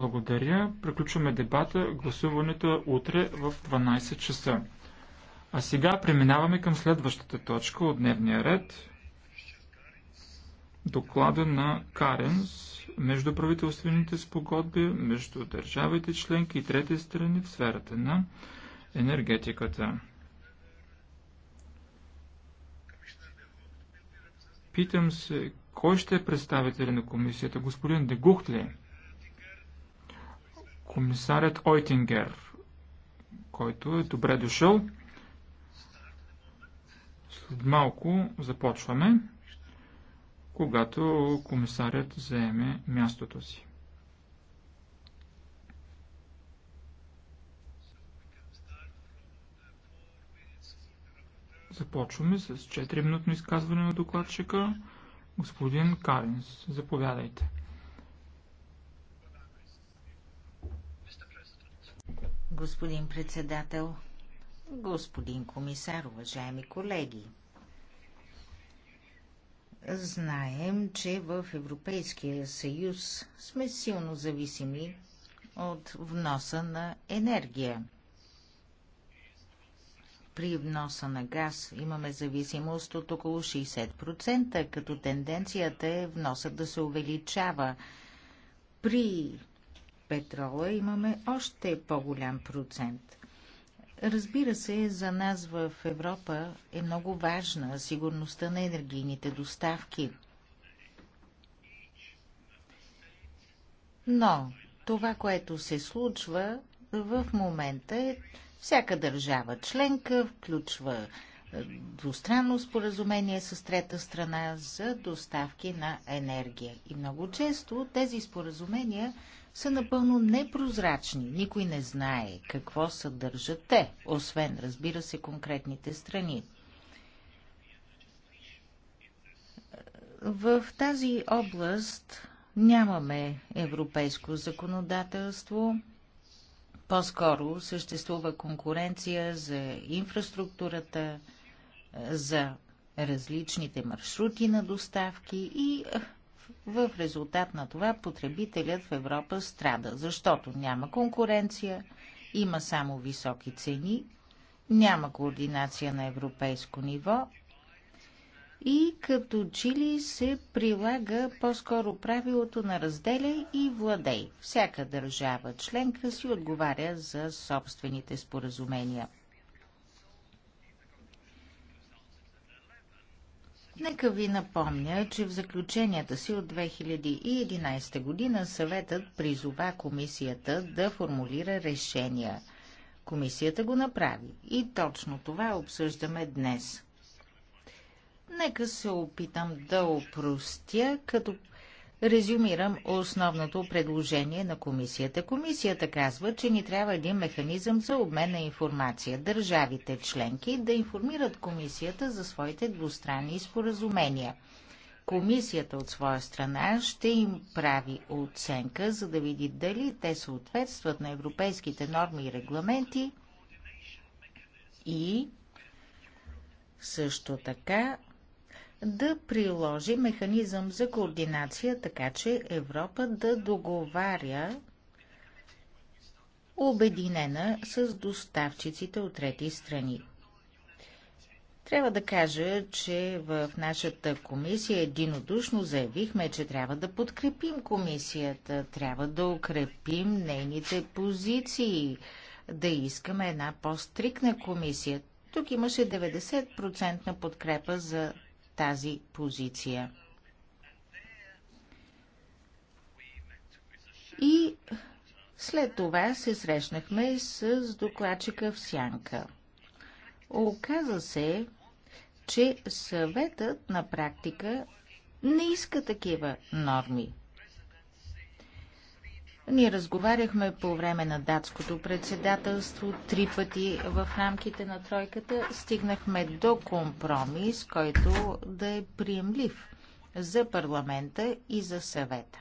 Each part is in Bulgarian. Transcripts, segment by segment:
Благодаря. Приключваме дебата. Гласуването е утре в 12 часа. А сега преминаваме към следващата точка от дневния ред. Доклада на Каренс между правителствените спогодби, между държавите членки и трети страни в сферата на енергетиката. Питам се, кой ще е представител на комисията? Господин Дегухт ли? Е? комисарят Ойтингер, който е добре дошъл. След малко започваме, когато комисарят заеме мястото си. Започваме с 4-минутно изказване на докладчика. Господин Каринс, заповядайте. господин председател, господин комисар, уважаеми колеги. Знаем, че в Европейския съюз сме силно зависими от вноса на енергия. При вноса на газ имаме зависимост от около 60%, като тенденцията е вноса да се увеличава. При петрола имаме още по-голям процент. Разбира се, за нас в Европа е много важна сигурността на енергийните доставки. Но това, което се случва в момента е всяка държава членка включва е, двустранно споразумение с трета страна за доставки на енергия. И много често тези споразумения са напълно непрозрачни. Никой не знае какво съдържат те, освен, разбира се, конкретните страни. В тази област нямаме европейско законодателство. По-скоро съществува конкуренция за инфраструктурата, за различните маршрути на доставки и в резултат на това потребителят в Европа страда, защото няма конкуренция, има само високи цени, няма координация на европейско ниво и като чили се прилага по-скоро правилото на разделя и владей. Всяка държава членка си отговаря за собствените споразумения. Нека ви напомня, че в заключенията си от 2011 година съветът призова комисията да формулира решения. Комисията го направи и точно това обсъждаме днес. Нека се опитам да опростя, като резюмирам основното предложение на комисията. Комисията казва, че ни трябва един механизъм за обмен на информация. Държавите членки да информират комисията за своите двустранни споразумения. Комисията от своя страна ще им прави оценка, за да види дали те съответстват на европейските норми и регламенти и също така да приложи механизъм за координация, така че Европа да договаря обединена с доставчиците от трети страни. Трябва да кажа, че в нашата комисия единодушно заявихме, че трябва да подкрепим комисията, трябва да укрепим нейните позиции, да искаме една по-стрикна комисия. Тук имаше 90% подкрепа за тази позиция. И след това се срещнахме с докладчика в Сянка. Оказа се, че съветът на практика не иска такива норми. Ние разговаряхме по време на датското председателство три пъти в рамките на тройката. Стигнахме до компромис, който да е приемлив за парламента и за съвета.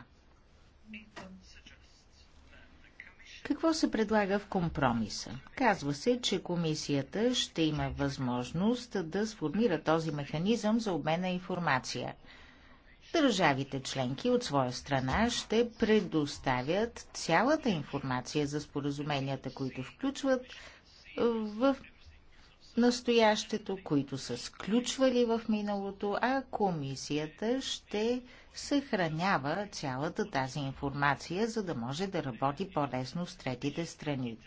Какво се предлага в компромиса? Казва се, че комисията ще има възможност да сформира този механизъм за обмен на информация – Държавите членки от своя страна ще предоставят цялата информация за споразуменията, които включват в настоящето, които са сключвали в миналото, а комисията ще съхранява цялата тази информация, за да може да работи по-лесно с третите страни.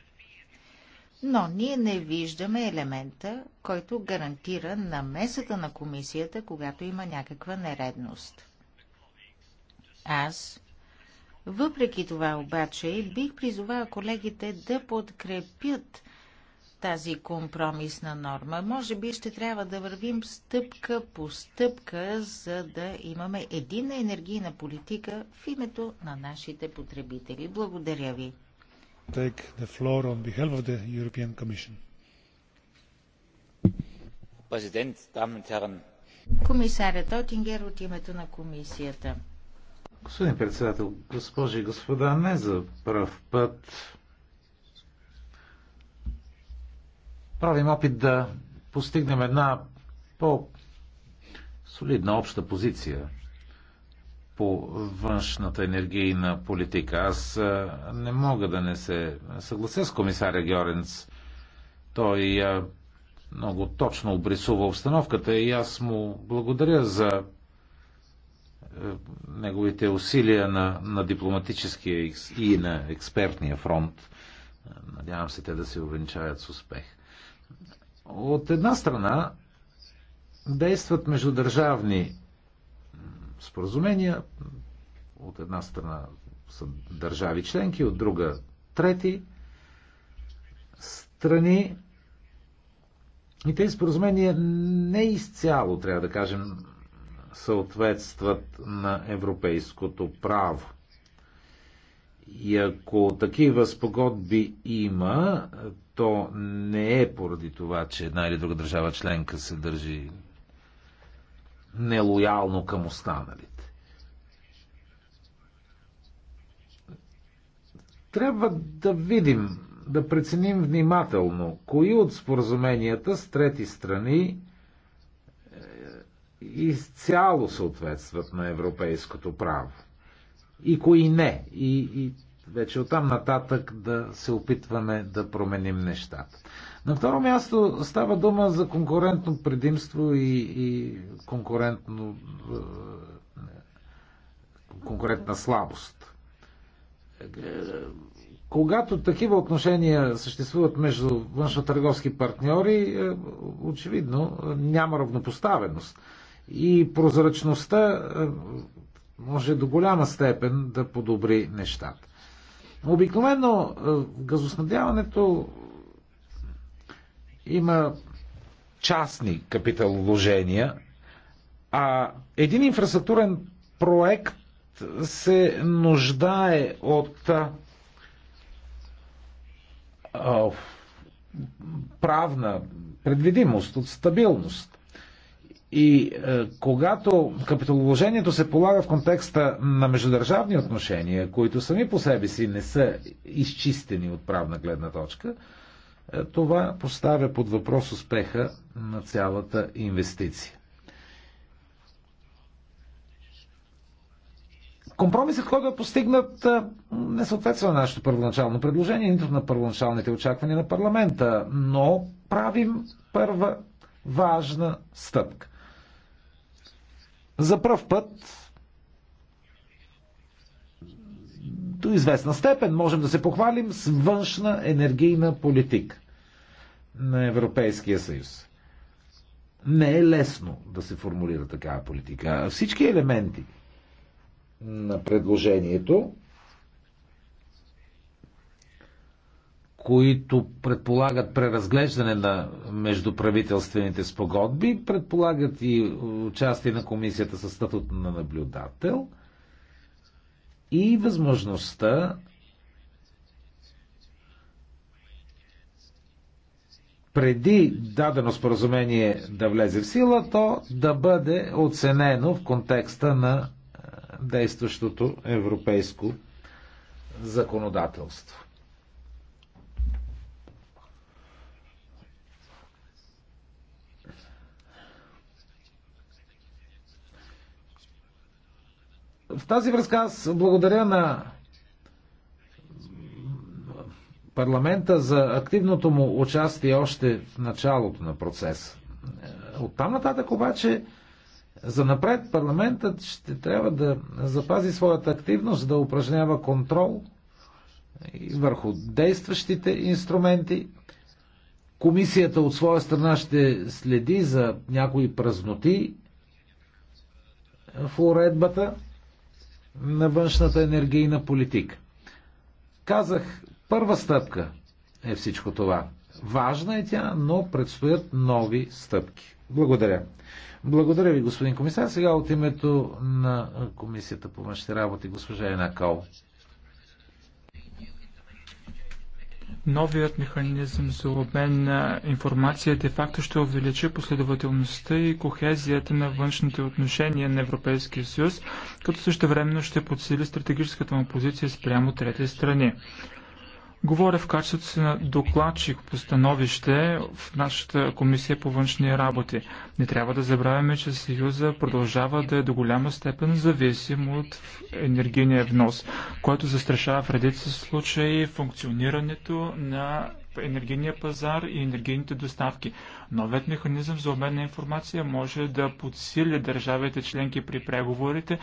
Но ние не виждаме елемента, който гарантира намесата на комисията, когато има някаква нередност аз. Въпреки това обаче бих призовала колегите да подкрепят тази компромисна норма. Може би ще трябва да вървим стъпка по стъпка, за да имаме единна енергийна политика в името на нашите потребители. Благодаря ви. Take the floor on behalf of the European Commission. Президент, дамы и Комисарят Отингер от името на комисията. Господин председател, госпожи и господа, не за пръв път правим опит да постигнем една по-солидна обща позиция по външната енергийна политика. Аз не мога да не се съглася с комисаря Георенц. Той много точно обрисува обстановката и аз му благодаря за неговите усилия на, на дипломатическия и на експертния фронт. Надявам се те да се увенчаят с успех. От една страна действат междудържавни споразумения, от една страна са държави членки, от друга трети страни. И тези споразумения не изцяло, трябва да кажем, съответстват на европейското право. И ако такива спогодби има, то не е поради това, че една или друга държава членка се държи нелоялно към останалите. Трябва да видим, да преценим внимателно, кои от споразуменията с трети страни изцяло съответстват на европейското право и кои не. И, и вече оттам нататък да се опитваме да променим нещата. На второ място става дума за конкурентно предимство и, и конкурентно, е, конкурентна слабост. Когато такива отношения съществуват между външно-търговски партньори, е, очевидно е, няма равнопоставеност и прозрачността е, може до голяма степен да подобри нещата. Обикновено е, газоснабдяването има частни капиталовложения, а един инфраструктурен проект се нуждае от е, правна предвидимост, от стабилност. И е, когато капиталовложението се полага в контекста на междудържавни отношения, които сами по себе си не са изчистени от правна гледна точка, е, това поставя под въпрос успеха на цялата инвестиция. Компромисът, който е постигнат, е, не съответства на нашето първоначално предложение, нито на първоначалните очаквания на парламента, но правим първа важна стъпка за пръв път до известна степен можем да се похвалим с външна енергийна политика на Европейския съюз. Не е лесно да се формулира такава политика. Всички елементи на предложението които предполагат преразглеждане на междуправителствените спогодби, предполагат и участие на комисията със статут на наблюдател и възможността преди дадено споразумение да влезе в сила, то да бъде оценено в контекста на действащото европейско законодателство. В тази връзка аз благодаря на парламента за активното му участие още в началото на процес. От там нататък обаче за напред парламентът ще трябва да запази своята активност, да упражнява контрол върху действащите инструменти. Комисията от своя страна ще следи за някои празноти в уредбата на външната енергийна политика. Казах, първа стъпка е всичко това. Важна е тя, но предстоят нови стъпки. Благодаря. Благодаря ви, господин комисар. Сега от името на Комисията по външните работи, госпожа Енакал. Новият механизъм за обмен на информация де-факто ще увеличи последователността и кохезията на външните отношения на Европейския съюз, като същевременно ще подсили стратегическата му позиция спрямо трети страни. Говоря в качеството си на докладчик по становище в нашата комисия по външни работи. Не трябва да забравяме, че Съюза продължава да е до голяма степен зависим от енергийния внос, който застрашава в редица случаи функционирането на енергийния пазар и енергийните доставки. Новият механизъм за обмен на информация може да подсили държавите членки при преговорите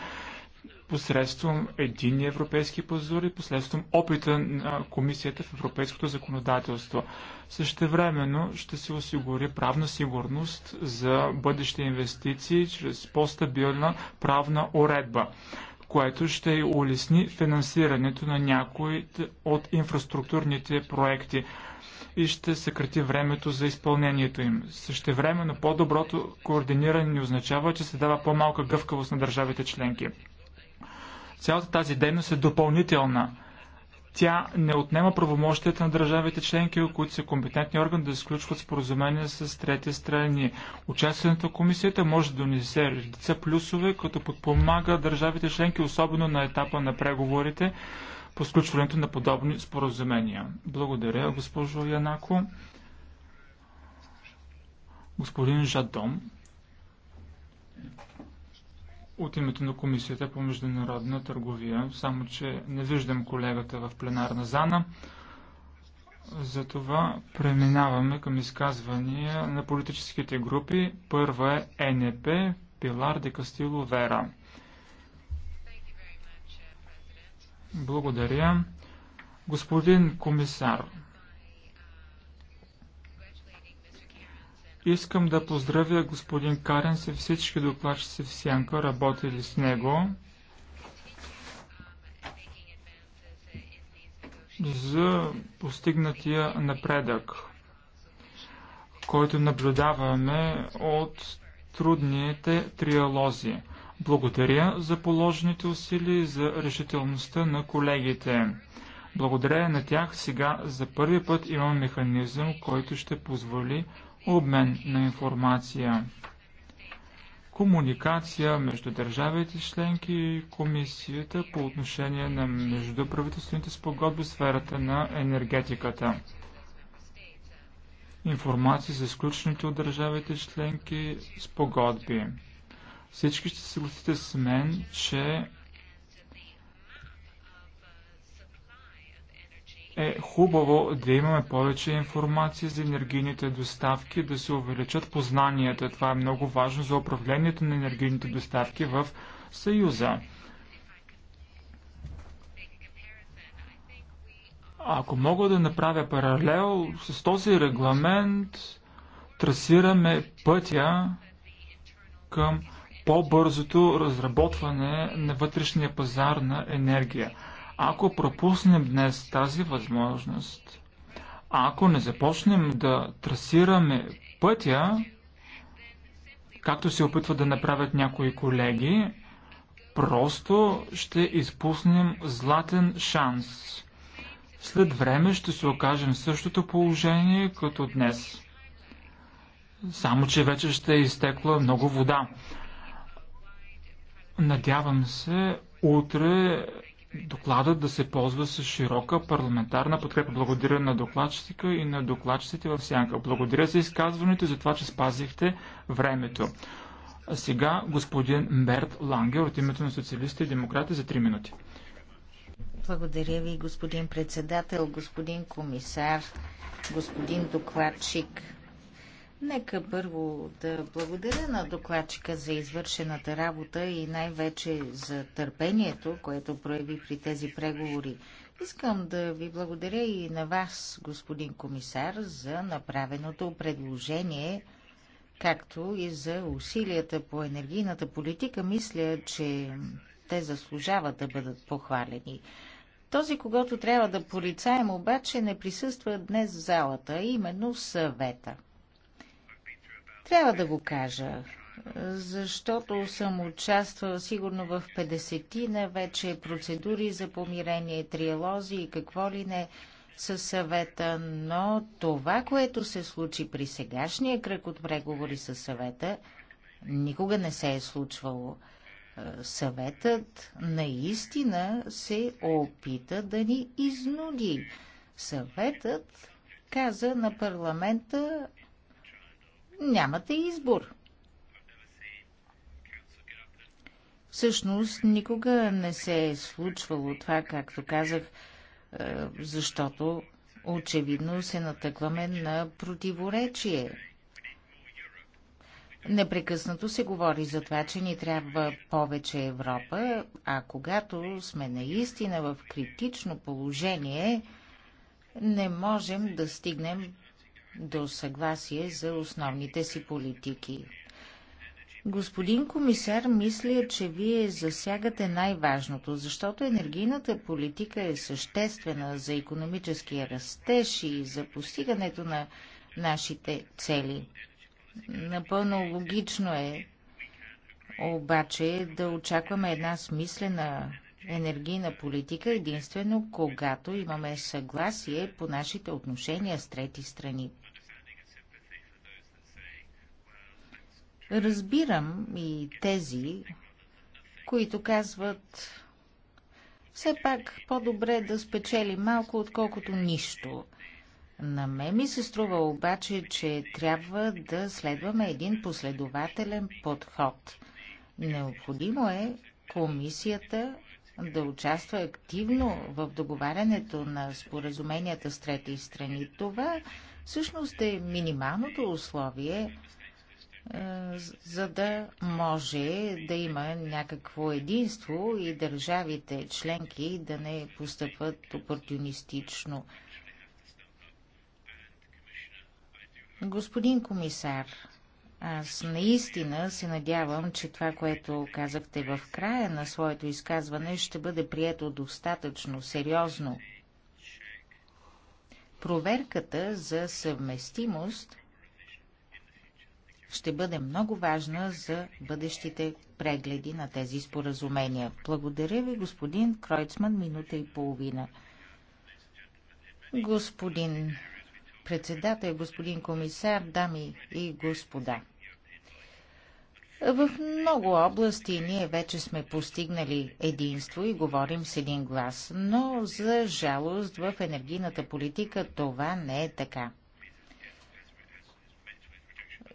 посредством един европейски пазар и посредством опита на комисията в европейското законодателство. Същевременно ще се осигури правна сигурност за бъдещи инвестиции чрез по-стабилна правна уредба което ще улесни финансирането на някои от инфраструктурните проекти и ще съкрати времето за изпълнението им. Същевременно по-доброто координиране не означава, че се дава по-малка гъвкавост на държавите членки. Цялата тази дейност е допълнителна. Тя не отнема правомощията на държавите членки, които са компетентни орган да изключват споразумения с трети страни. Участването на комисията може да донесе редица плюсове, като подпомага държавите членки, особено на етапа на преговорите по сключването на подобни споразумения. Благодаря, госпожо Янако. Господин Жадом от името на Комисията по международна търговия, само че не виждам колегата в пленарна зана. Затова преминаваме към изказвания на политическите групи. Първа е НП Пилар де Кастило Вера. Благодаря. Господин комисар, Искам да поздравя господин Каренс и всички докладчици в Сянка, работили с него, за постигнатия напредък, който наблюдаваме от трудните триалози. Благодаря за положените усилия и за решителността на колегите. Благодаря на тях сега за първи път имам механизъм, който ще позволи обмен на информация, комуникация между държавите членки и комисията по отношение на междуправителствените спогодби в сферата на енергетиката, информация за изключените от държавите членки спогодби. Всички ще се съгласите с мен, че е хубаво да имаме повече информация за енергийните доставки, да се увеличат познанията. Това е много важно за управлението на енергийните доставки в Съюза. Ако мога да направя паралел с този регламент, трасираме пътя към по-бързото разработване на вътрешния пазар на енергия. Ако пропуснем днес тази възможност, ако не започнем да трасираме пътя, както се опитват да направят някои колеги, просто ще изпуснем златен шанс. След време ще се окажем в същото положение като днес. Само, че вече ще е изтекла много вода. Надявам се, утре докладът да се ползва с широка парламентарна подкрепа. Благодаря на докладчика и на докладчиците в сянка. Благодаря за изказването и за това, че спазихте времето. А сега господин Берт Ланге от името на социалистите и демократи за 3 минути. Благодаря ви, господин председател, господин комисар, господин докладчик. Нека първо да благодаря на докладчика за извършената работа и най-вече за търпението, което прояви при тези преговори. Искам да ви благодаря и на вас, господин комисар, за направеното предложение, както и за усилията по енергийната политика. Мисля, че те заслужават да бъдат похвалени. Този, когато трябва да порицаем, обаче не присъства днес в залата, именно съвета. Трябва да го кажа, защото съм участвала сигурно в 50 на вече процедури за помирение, триалози и какво ли не със съвета, но това, което се случи при сегашния кръг от преговори със съвета, никога не се е случвало. Е, съветът наистина се опита да ни изнуди. Съветът каза на парламента, нямате избор. Всъщност никога не се е случвало това, както казах, е, защото очевидно се натъкваме на противоречие. Непрекъснато се говори за това, че ни трябва повече Европа, а когато сме наистина в критично положение, не можем да стигнем до съгласие за основните си политики. Господин комисар, мисля, че вие засягате най-важното, защото енергийната политика е съществена за економическия растеж и за постигането на нашите цели. Напълно логично е обаче да очакваме една смислена енергийна политика единствено когато имаме съгласие по нашите отношения с трети страни. Разбирам и тези, които казват все пак по-добре да спечели малко, отколкото нищо. На мен ми се струва обаче, че трябва да следваме един последователен подход. Необходимо е комисията да участва активно в договарянето на споразуменията с трети страни. Това всъщност е минималното условие е, за да може да има някакво единство и държавите членки да не постъпват опортунистично. Господин комисар, аз наистина се надявам, че това, което казахте в края на своето изказване, ще бъде прието достатъчно сериозно. Проверката за съвместимост – ще бъде много важна за бъдещите прегледи на тези споразумения. Благодаря ви, господин Кройцман, минута и половина. Господин председател, господин комисар, дами и господа. В много области ние вече сме постигнали единство и говорим с един глас, но за жалост в енергийната политика това не е така.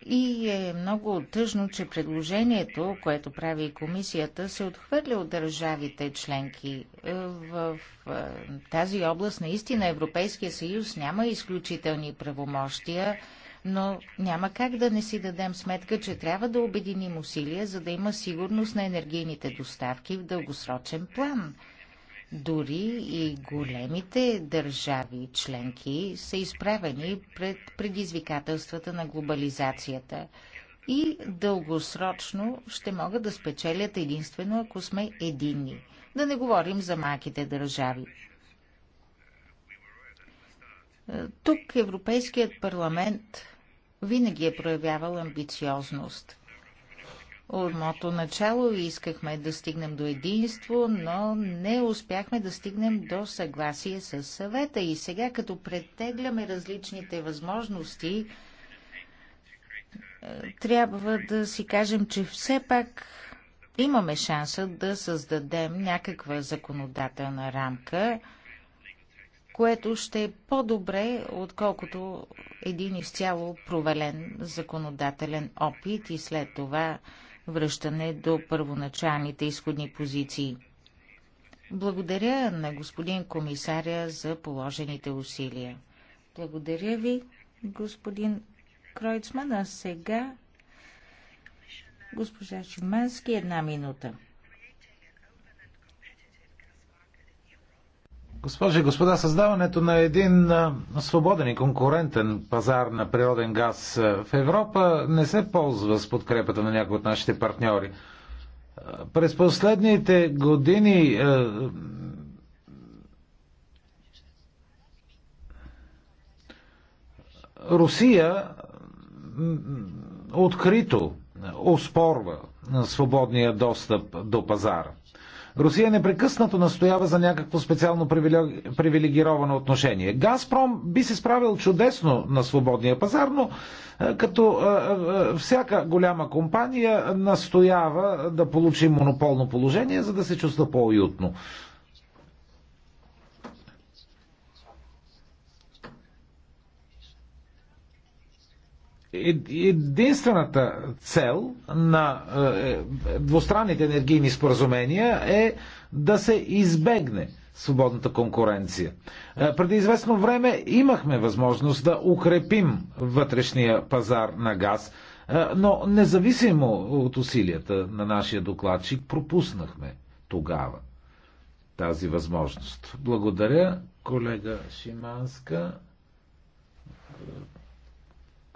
И е много тъжно, че предложението, което прави и комисията, се отхвърля от държавите членки. Е, в е, тази област наистина Европейския съюз няма изключителни правомощия, но няма как да не си дадем сметка, че трябва да обединим усилия, за да има сигурност на енергийните доставки в дългосрочен план. Дори и големите държави членки са изправени пред предизвикателствата на глобализацията и дългосрочно ще могат да спечелят единствено, ако сме единни. Да не говорим за малките държави. Тук Европейският парламент винаги е проявявал амбициозност – от моето начало искахме да стигнем до единство, но не успяхме да стигнем до съгласие с съвета. И сега, като претегляме различните възможности, е, трябва да си кажем, че все пак имаме шанса да създадем някаква законодателна рамка, което ще е по-добре, отколкото един изцяло провален законодателен опит и след това връщане до първоначалните изходни позиции. Благодаря на господин комисаря за положените усилия. Благодаря ви, господин Кройцман. А сега госпожа Шимански, една минута. Госпожи и господа, създаването на един свободен и конкурентен пазар на природен газ в Европа не се ползва с подкрепата на някои от нашите партньори. През последните години Русия открито оспорва свободния достъп до пазара. Русия непрекъснато настоява за някакво специално привилегировано отношение. Газпром би се справил чудесно на свободния пазар, но е, като е, е, всяка голяма компания настоява да получи монополно положение, за да се чувства по-уютно единствената цел на е, е, двустранните енергийни споразумения е да се избегне свободната конкуренция. Е, преди известно време имахме възможност да укрепим вътрешния пазар на газ, но независимо от усилията на нашия докладчик, пропуснахме тогава тази възможност. Благодаря, колега Шиманска.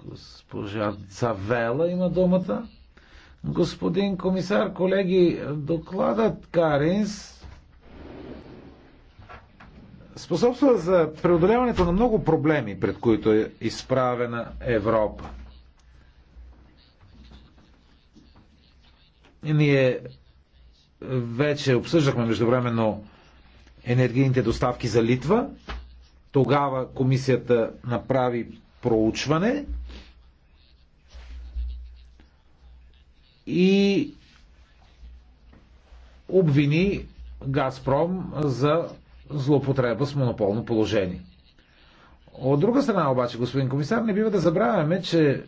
Госпожа Цавела има думата. Господин комисар, колеги, докладът Каринс способства за преодоляването на много проблеми, пред които е изправена Европа. Ние вече обсъждахме междувременно енергийните доставки за Литва. Тогава комисията направи проучване и обвини Газпром за злоупотреба с монополно положение. От друга страна обаче, господин комисар, не бива да забравяме, че е,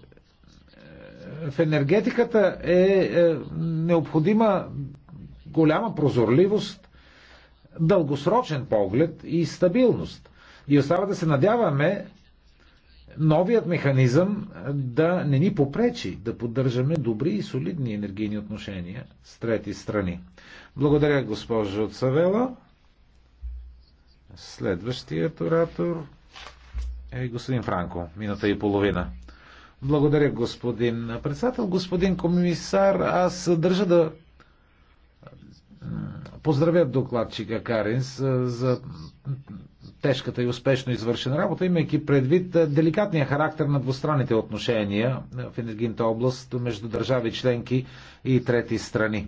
в енергетиката е, е необходима голяма прозорливост, дългосрочен поглед и стабилност. И остава да се надяваме новият механизъм да не ни попречи да поддържаме добри и солидни енергийни отношения с трети страни. Благодаря, госпожо Цавела. Следващият оратор е господин Франко. Минута и половина. Благодаря, господин председател. Господин комисар, аз държа да поздравя докладчика Каринс за тежката и успешно извършена работа, имайки предвид деликатния характер на двустранните отношения в енергийната област между държави членки и трети страни.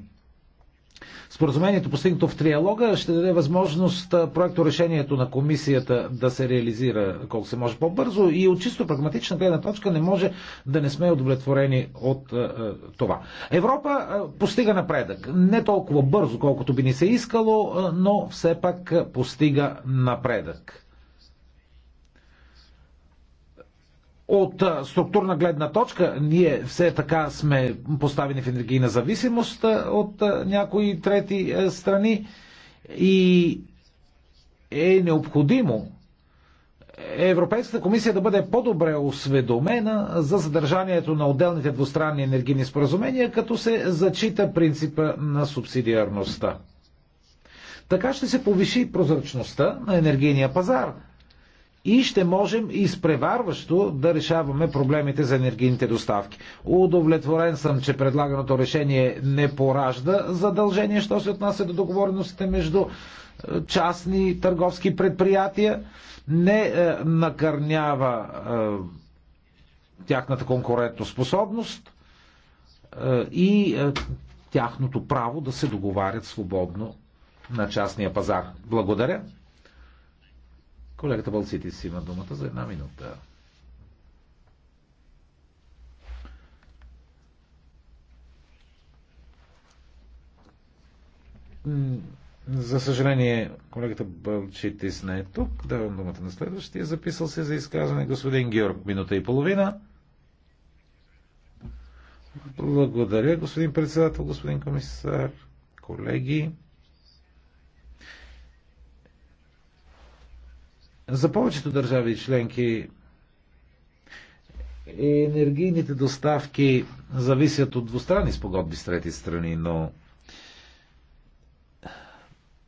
Споразумението, постигнато в триалога, ще даде възможност проекто решението на комисията да се реализира колко се може по-бързо и от чисто прагматична гледна точка не може да не сме удовлетворени от това. Европа постига напредък. Не толкова бързо, колкото би ни се искало, но все пак постига напредък. От структурна гледна точка ние все така сме поставени в енергийна зависимост от някои трети страни и е необходимо Европейската комисия да бъде по-добре осведомена за задържанието на отделните двустранни енергийни споразумения, като се зачита принципа на субсидиарността. Така ще се повиши прозрачността на енергийния пазар – и ще можем изпреварващо да решаваме проблемите за енергийните доставки. Удовлетворен съм, че предлаганото решение не поражда задължение, що се отнася до договореностите между е, частни търговски предприятия, не е, накърнява е, тяхната конкурентоспособност и тяхното право да се договарят свободно на частния пазар. Благодаря. Колегата си има думата за една минута. За съжаление, колегата Бълчитис не е тук. Давам думата на следващия. Записал се за изказване господин Георг. Минута и половина. Благодаря, господин председател, господин комисар, колеги. За повечето държави членки енергийните доставки зависят от двустранни спогодби с трети страни, но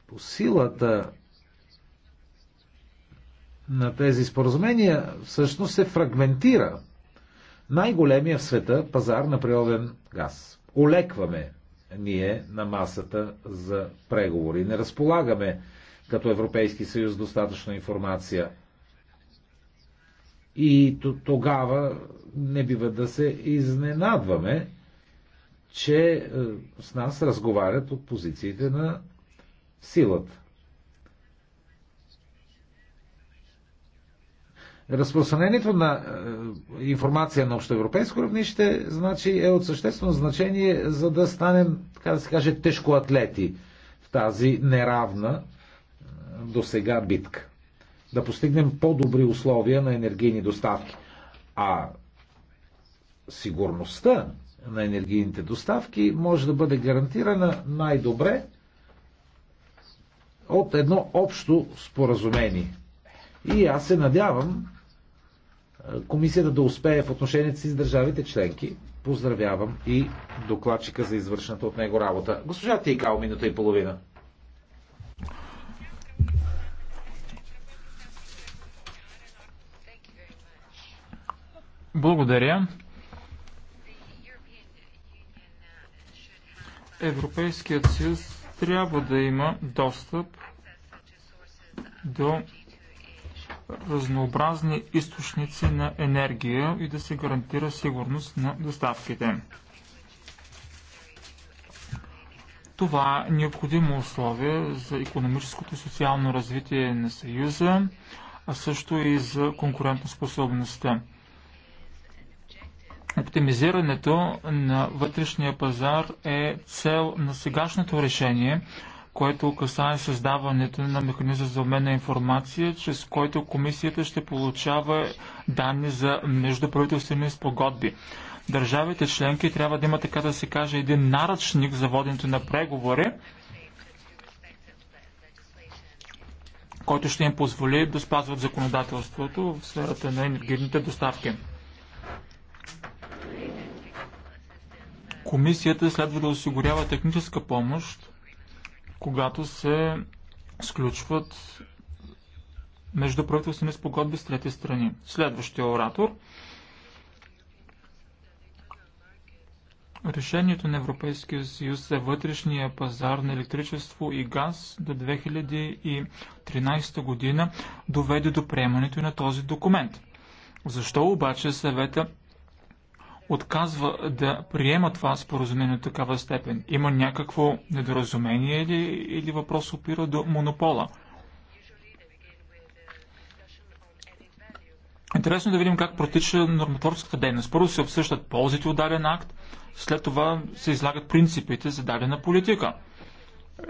по силата на тези споразумения всъщност се фрагментира най-големия в света пазар на природен газ. Олекваме ние на масата за преговори. Не разполагаме като Европейски съюз достатъчно информация. И тогава не бива да се изненадваме, че е, с нас разговарят от позициите на силата. Разпространението на е, информация на общоевропейско равнище значи, е от съществено значение, за да станем, така да се каже, тежкоатлети в тази неравна до сега битка. Да постигнем по-добри условия на енергийни доставки. А сигурността на енергийните доставки може да бъде гарантирана най-добре от едно общо споразумение. И аз се надявам комисията да успее в отношението си с държавите членки. Поздравявам и докладчика за извършената от него работа. Госпожа Тикао, минута и половина. Благодаря. Европейският съюз трябва да има достъп до разнообразни източници на енергия и да се гарантира сигурност на доставките. Това е необходимо условие за економическото и социално развитие на Съюза, а също и за конкурентоспособността оптимизирането на вътрешния пазар е цел на сегашното решение, което касае създаването на механизъм за обмен на информация, чрез който комисията ще получава данни за междуправителствени спогодби. Държавите членки трябва да има, така да се каже, един наръчник за воденето на преговори, който ще им позволи да спазват законодателството в сферата на енергийните доставки. Комисията следва да осигурява техническа помощ, когато се сключват междуправителствени спогодби с трети страни. Следващия оратор. Решението на Европейския съюз за вътрешния пазар на електричество и газ до 2013 година доведе до приемането на този документ. Защо обаче съвета отказва да приема това споразумение от такава степен? Има някакво недоразумение или, или въпрос опира до монопола? Интересно е да видим как протича нормотворческата дейност. Първо се обсъщат ползите от даден акт, след това се излагат принципите за дадена политика.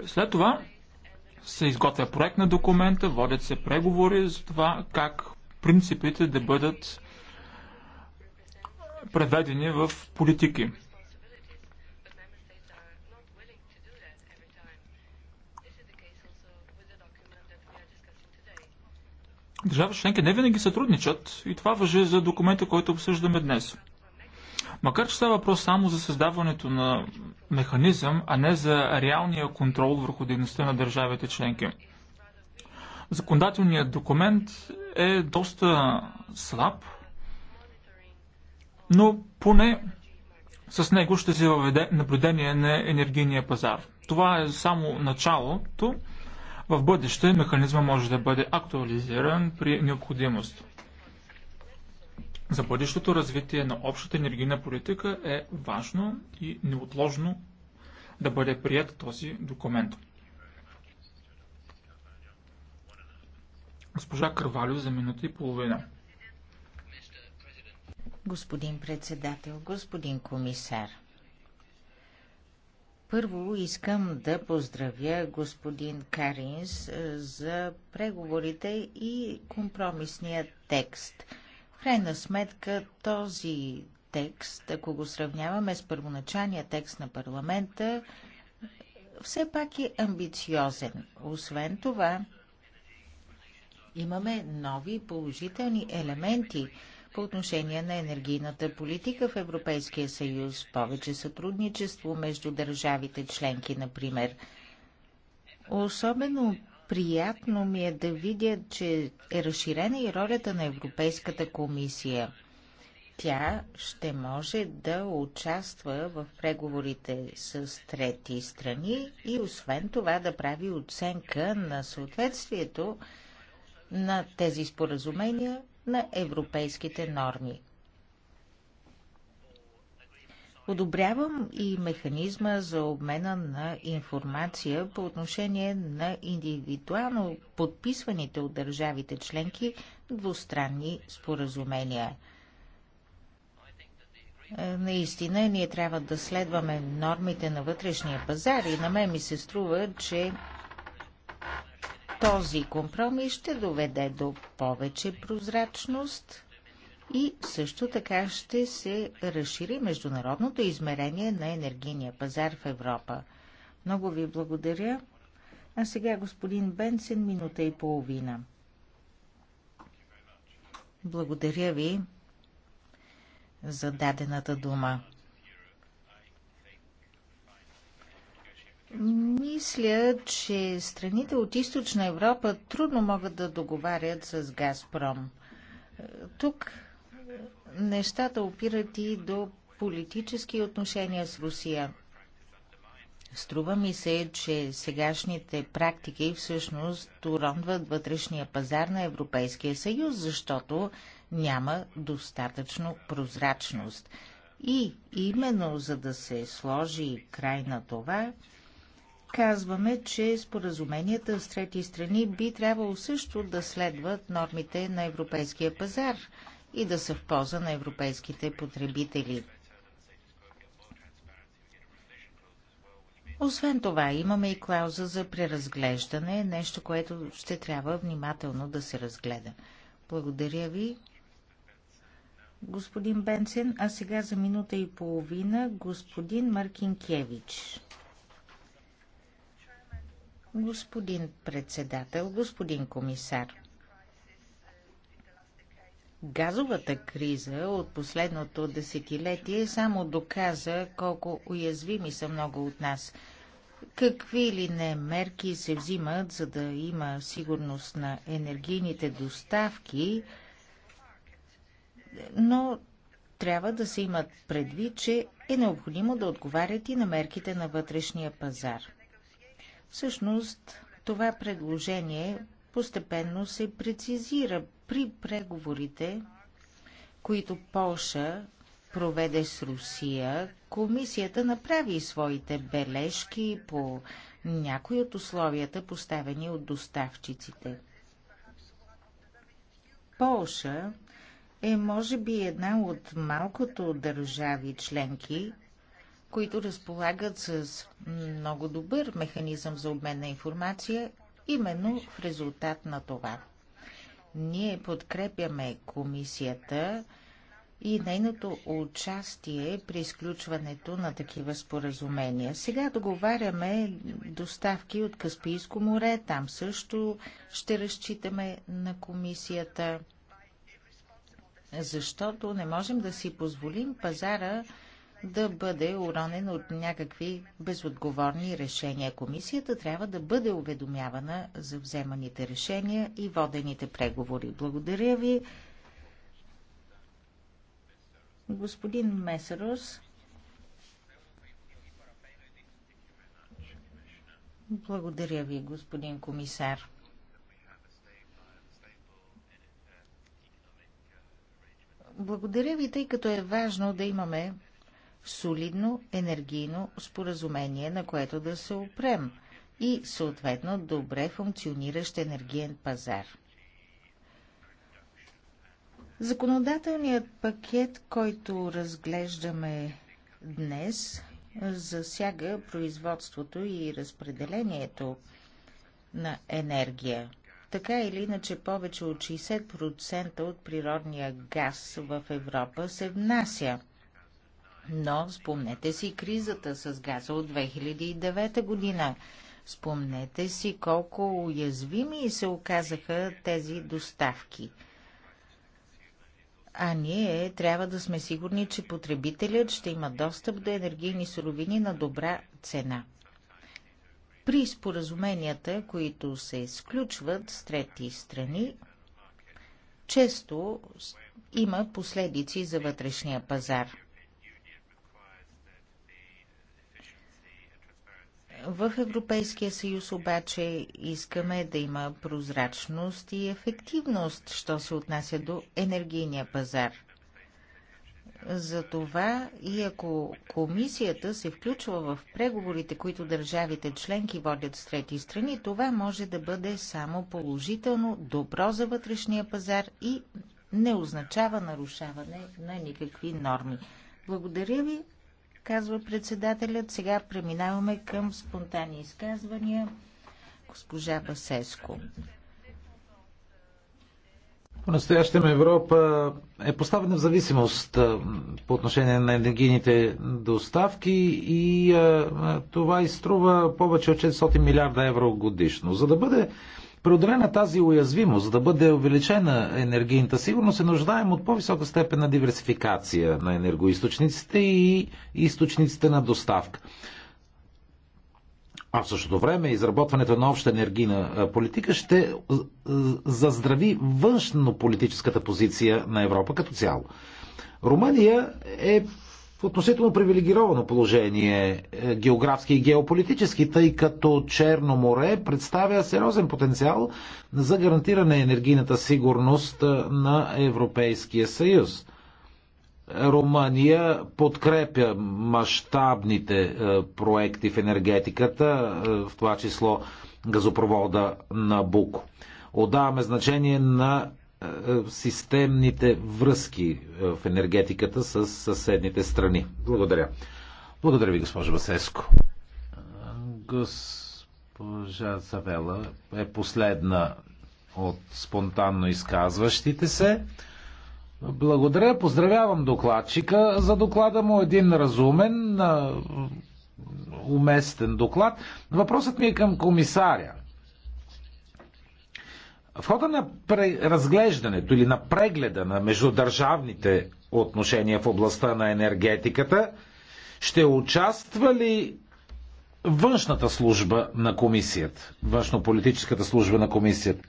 След това се изготвя проект на документа, водят се преговори за това как принципите да бъдат преведени в политики. Държава членки не винаги сътрудничат и това въжи за документа, който обсъждаме днес. Макар че става въпрос само за създаването на механизъм, а не за реалния контрол върху дейността на държавите членки. Законодателният документ е доста слаб но поне с него ще се въведе наблюдение на енергийния пазар. Това е само началото. В бъдеще механизма може да бъде актуализиран при необходимост. За бъдещото развитие на общата енергийна политика е важно и неотложно да бъде прият този документ. Госпожа Карвалю за минута и половина. Господин председател, господин комисар, първо искам да поздравя господин Каринс е, за преговорите и компромисния текст. В крайна сметка този текст, ако го сравняваме с първоначалния текст на парламента, все пак е амбициозен. Освен това, имаме нови положителни елементи по отношение на енергийната политика в Европейския съюз, повече сътрудничество между държавите членки, например. Особено приятно ми е да видя, че е разширена и ролята на Европейската комисия. Тя ще може да участва в преговорите с трети страни и освен това да прави оценка на съответствието на тези споразумения на европейските норми. Одобрявам и механизма за обмена на информация по отношение на индивидуално подписваните от държавите членки двустранни споразумения. Е, наистина, ние трябва да следваме нормите на вътрешния пазар и на мен ми се струва, че този компромис ще доведе до повече прозрачност и също така ще се разшири международното измерение на енергийния пазар в Европа. Много ви благодаря. А сега господин Бенсен, минута и половина. Благодаря ви за дадената дума. Мисля, че страните от източна Европа трудно могат да договарят с Газпром. Тук нещата опират и до политически отношения с Русия. Струва ми се, че сегашните практики всъщност уронват вътрешния пазар на Европейския съюз, защото няма достатъчно прозрачност. И именно за да се сложи край на това, казваме, че споразуменията с трети страни би трябвало също да следват нормите на европейския пазар и да са в полза на европейските потребители. Освен това, имаме и клауза за преразглеждане, нещо, което ще трябва внимателно да се разгледа. Благодаря ви, господин Бенсен. А сега за минута и половина господин Маркинкевич. Господин председател, господин комисар, газовата криза от последното десетилетие само доказа колко уязвими са много от нас. Какви ли не мерки се взимат, за да има сигурност на енергийните доставки, но трябва да се имат предвид, че е необходимо да отговарят и на мерките на вътрешния пазар. Всъщност това предложение постепенно се прецизира при преговорите, които Полша проведе с Русия. Комисията направи своите бележки по някои от условията, поставени от доставчиците. Полша е може би една от малкото държави членки, които разполагат с много добър механизъм за обмен на информация, именно в резултат на това. Ние подкрепяме комисията и нейното участие при изключването на такива споразумения. Сега договаряме доставки от Каспийско море, там също ще разчитаме на комисията, защото не можем да си позволим пазара да бъде уронен от някакви безотговорни решения. Комисията трябва да бъде уведомявана за вземаните решения и водените преговори. Благодаря ви. Господин Месерос. Благодаря ви, господин комисар. Благодаря ви, тъй като е важно да имаме солидно енергийно споразумение, на което да се опрем и съответно добре функциониращ енергиен пазар. Законодателният пакет, който разглеждаме днес, засяга производството и разпределението на енергия. Така или иначе повече от 60% от природния газ в Европа се внася – но спомнете си кризата с газа от 2009 година. Спомнете си колко уязвими се оказаха тези доставки. А ние трябва да сме сигурни, че потребителят ще има достъп до енергийни суровини на добра цена. При споразуменията, които се изключват с трети страни, често има последици за вътрешния пазар. В Европейския съюз обаче искаме да има прозрачност и ефективност, що се отнася до енергийния пазар. Затова и ако комисията се включва в преговорите, които държавите членки водят с трети страни, това може да бъде само положително, добро за вътрешния пазар и не означава нарушаване на никакви норми. Благодаря ви казва председателят. Сега преминаваме към спонтанни изказвания. Госпожа Басеско. По-настоящем Европа е поставена в зависимост по отношение на енергийните доставки и това изтрува повече от 600 милиарда евро годишно. За да бъде преодолена тази уязвимост, да бъде увеличена енергийната сигурност, се нуждаем от по-висока степен на диверсификация на енергоисточниците и източниците на доставка. А в същото време изработването на обща енергийна политика ще заздрави външно-политическата позиция на Европа като цяло. Румъния е в относително привилегировано положение е, географски и геополитически, тъй като Черно море представя сериозен потенциал за гарантиране енергийната сигурност е, на Европейския съюз. Румъния подкрепя мащабните е, проекти в енергетиката, в това число газопровода на Буко. Отдаваме значение на е, системните връзки е, в енергетиката с съседните страни. Благодаря. Благодаря ви, госпожо Васеско. Госпожа Савела е последна от спонтанно изказващите се. Благодаря, поздравявам докладчика за доклада му. Един разумен, е, уместен доклад. Въпросът ми е към комисаря. В хода на разглеждането или на прегледа на междудържавните отношения в областта на енергетиката, ще участва ли външната служба на комисията, политическата служба на комисията?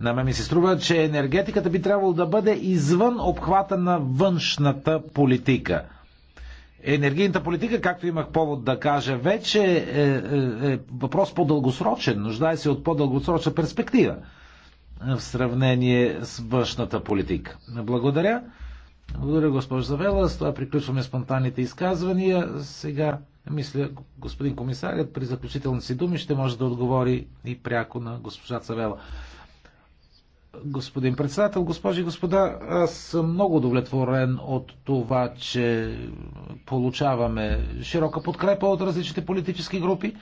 На мен ми се струва, че енергетиката би трябвало да бъде извън обхвата на външната политика. Енергийната политика, както имах повод да кажа вече, е, е, е въпрос по-дългосрочен, нуждае се от по-дългосрочна перспектива в сравнение с външната политика. Благодаря. Благодаря, госпожо Завела. С това приключваме спонтанните изказвания. Сега, мисля, господин комисарят при заключителните си думи ще може да отговори и пряко на госпожа Завела. Господин председател, госпожи и господа, аз съм много удовлетворен от това, че получаваме широка подкрепа от различните политически групи.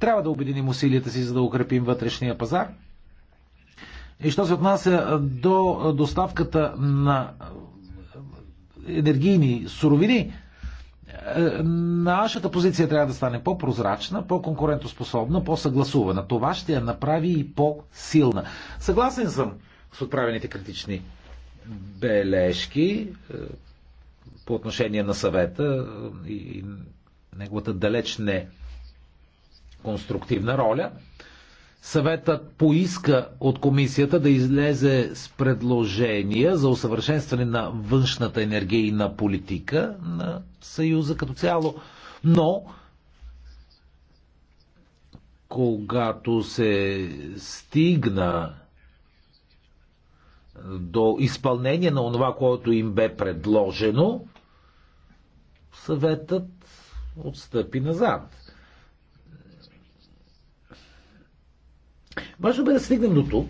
Трябва да обединим усилията си, за да укрепим вътрешния пазар. И що се отнася до доставката на енергийни суровини, е, нашата позиция трябва да стане по-прозрачна, по-конкурентоспособна, по-съгласувана. Това ще я направи и по-силна. Съгласен съм с отправените критични бележки е, по отношение на съвета е, и неговата далеч не конструктивна роля. Съветът поиска от комисията да излезе с предложения за усъвършенстване на външната енергийна политика на Съюза като цяло, но когато се стигна до изпълнение на това, което им бе предложено, съветът отстъпи назад. Важно бе да стигнем до тук.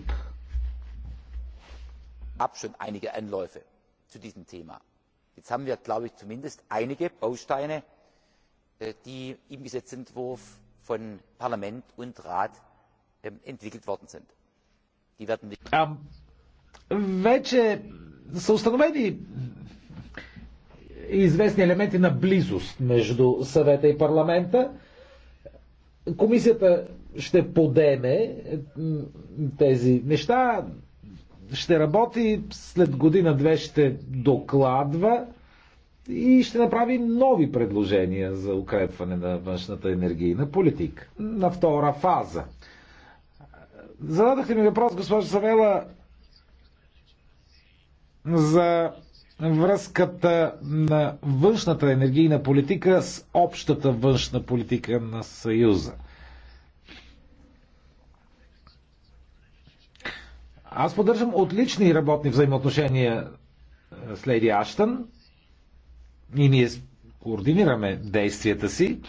Ab schon einige Anläufe zu diesem Thema. Jetzt haben wir, glaube ich, zumindest einige Bausteine, die im Gesetzentwurf von Parlament und Rat entwickelt worden sind. Die werden wir. Вече са установени известни елементи на близост между съвета и парламента. Комисията ще подеме тези неща, ще работи, след година-две ще докладва и ще направи нови предложения за укрепване на външната енергийна политика. На втора фаза. Зададахте ми въпрос, госпожа Савела, за връзката на външната енергийна политика с общата външна политика на Съюза. Аз поддържам отлични работни взаимоотношения е, с Леди Аштън и ние координираме действията си.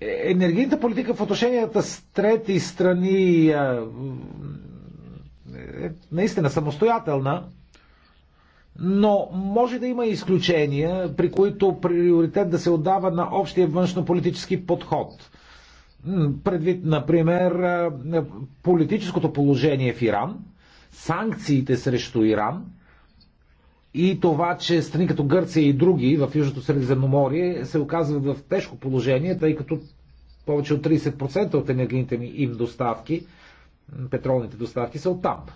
Е, енергийната политика в отношенията с трети страни е, е наистина самостоятелна. Но може да има изключения, при които приоритет да се отдава на общия външнополитически подход. Предвид, например, политическото положение в Иран, санкциите срещу Иран и това, че страни като Гърция и други в Южното Средиземноморие се оказват в тежко положение, тъй като повече от 30% от енергийните им доставки, петролните доставки са оттам. там.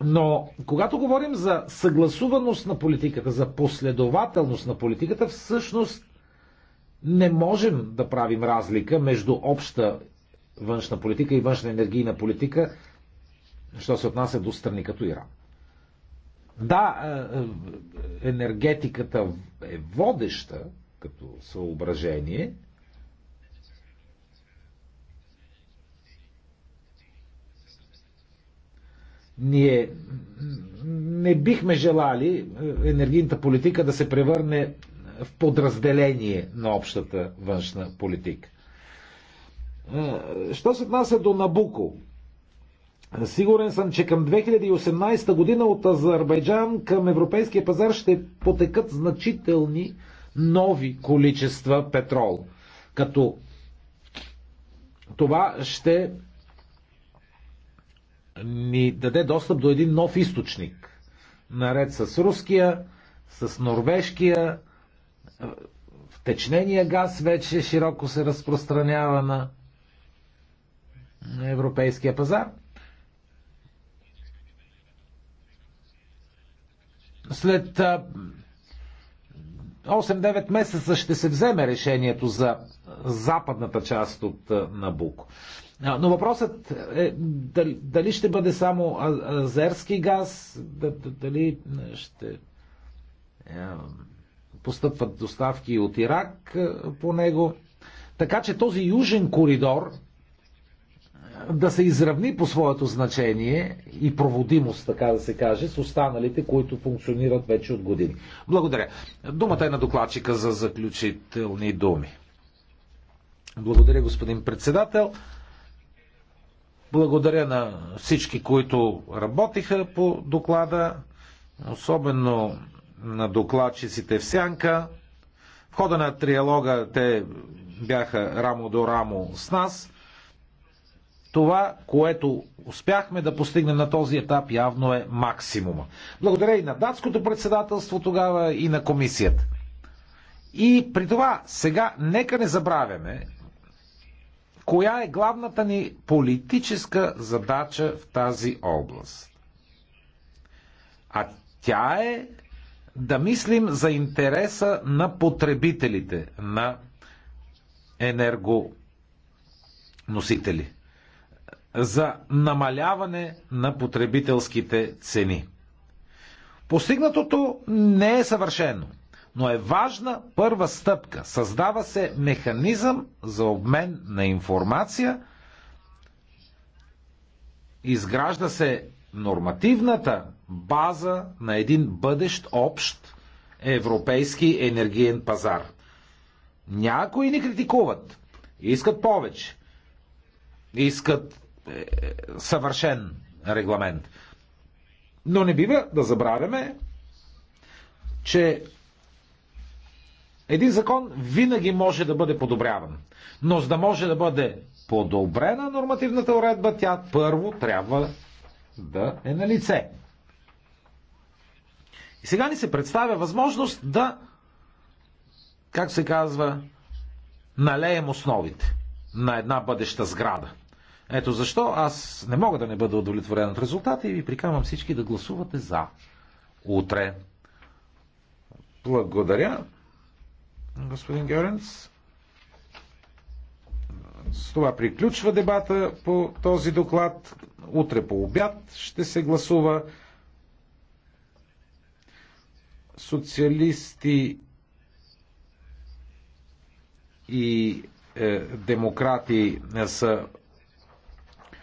Но когато говорим за съгласуваност на политиката, за последователност на политиката, всъщност не можем да правим разлика между обща външна политика и външна енергийна политика, що се отнася до страни като Иран. Да, е, е, енергетиката е водеща като съображение, Ние не бихме желали е, енергийната политика да се превърне в подразделение на общата външна политика. Е, що се отнася до Набуко? Сигурен съм, че към 2018 година от Азербайджан към европейския пазар ще потекат значителни нови количества петрол. Като това ще ни даде достъп до един нов източник, наред с руския, с норвежкия, втечнения газ вече широко се разпространява на европейския пазар. След 8-9 месеца ще се вземе решението за западната част от Набуко. Но въпросът е дали ще бъде само азерски газ, дали ще постъпват доставки от Ирак по него. Така че този южен коридор да се изравни по своето значение и проводимост, така да се каже, с останалите, които функционират вече от години. Благодаря. Думата е на докладчика за заключителни думи. Благодаря, господин председател. Благодаря на всички, които работиха по доклада, особено на докладчиците в Сянка. В хода на триалога те бяха рамо до рамо с нас. Това, което успяхме да постигнем на този етап, явно е максимума. Благодаря и на датското председателство тогава и на комисията. И при това сега нека не забравяме, коя е главната ни политическа задача в тази област. А тя е да мислим за интереса на потребителите на енергоносители, за намаляване на потребителските цени. Постигнатото не е съвършено – но е важна първа стъпка. Създава се механизъм за обмен на информация, изгражда се нормативната база на един бъдещ общ европейски енергиен пазар. Някои ни критикуват. Искат повече. Искат е, съвършен регламент. Но не бива да забравяме, че един закон винаги може да бъде подобряван. Но за да може да бъде подобрена нормативната уредба, тя първо трябва да е на лице. И сега ни се представя възможност да, как се казва, налеем основите на една бъдеща сграда. Ето защо аз не мога да не бъда удовлетворен от резултата и ви приканвам всички да гласувате за утре. Благодаря господин Геренц. С това приключва дебата по този доклад. Утре по обяд ще се гласува. Социалисти и е, демократи са